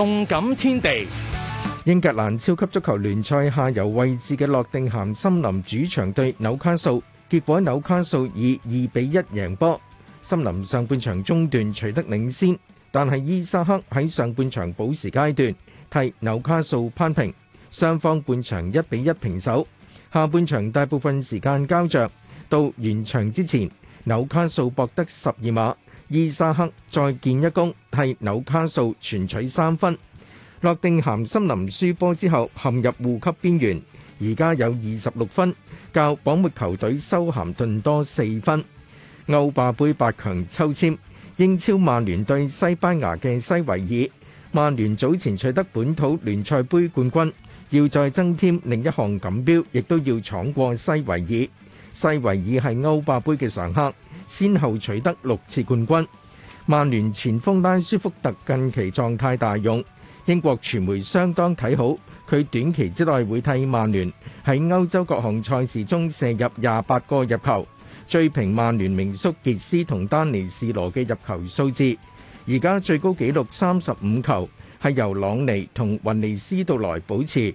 動感天地，英格蘭超級足球聯賽下游位置嘅洛定咸森林主場對紐卡素，結果紐卡素以二比一贏波。森林上半場中段取得領先，但係伊沙克喺上半場補時階段替紐卡素攀平，雙方半場一比一平手。下半場大部分時間膠着，到完場之前紐卡素博得十二碼。伊沙克再建一功，替紐卡素全取三分。諾定咸森林輸波之後，陷入護級邊緣，而家有二十六分，較榜末球隊修咸頓多四分。歐霸盃八強抽籤，英超曼聯對西班牙嘅西維爾。曼聯早前取得本土聯賽盃冠軍，要再增添另一項錦標，亦都要闖過西維爾。西維爾係歐霸盃嘅常客，先後取得六次冠軍。曼聯前鋒拉舒福特近期狀態大勇，英國傳媒相當睇好佢短期之內會替曼聯喺歐洲各項賽事中射入廿八個入球，追平曼聯名宿傑斯同丹尼士羅嘅入球數字。而家最高紀錄三十五球係由朗尼同雲尼斯杜萊保持。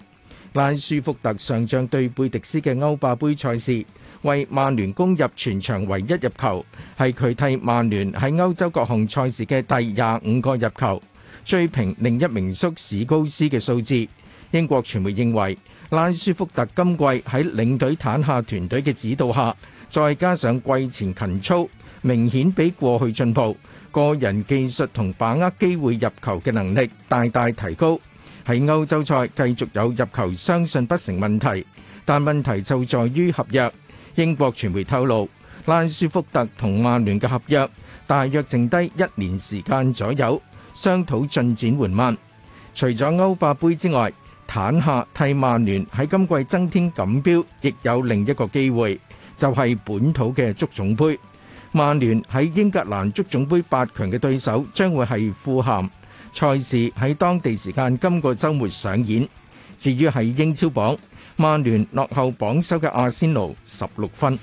拉舒福特上仗對貝迪斯嘅歐霸杯賽事，為曼聯攻入全場唯一入球，係佢替曼聯喺歐洲各項賽事嘅第廿五個入球，追平另一名宿史高斯嘅數字。英國傳媒認為，拉舒福特今季喺領隊坦夏團隊嘅指導下，再加上季前勤操，明顯比過去進步，個人技術同把握機會入球嘅能力大大提高。喺歐洲賽繼續有入球，相信不成問題。但問題就在於合約。英國傳媒透露，拉舒福特同曼聯嘅合約大約剩低一年時間左右，商討進展緩慢。除咗歐霸杯之外，坦夏替曼聯喺今季增添錦標，亦有另一個機會，就係本土嘅足總杯。曼聯喺英格蘭足總杯八強嘅對手將會係富咸。賽事喺當地時間今個周末上演。至於係英超榜，曼聯落後榜首嘅阿仙奴十六分。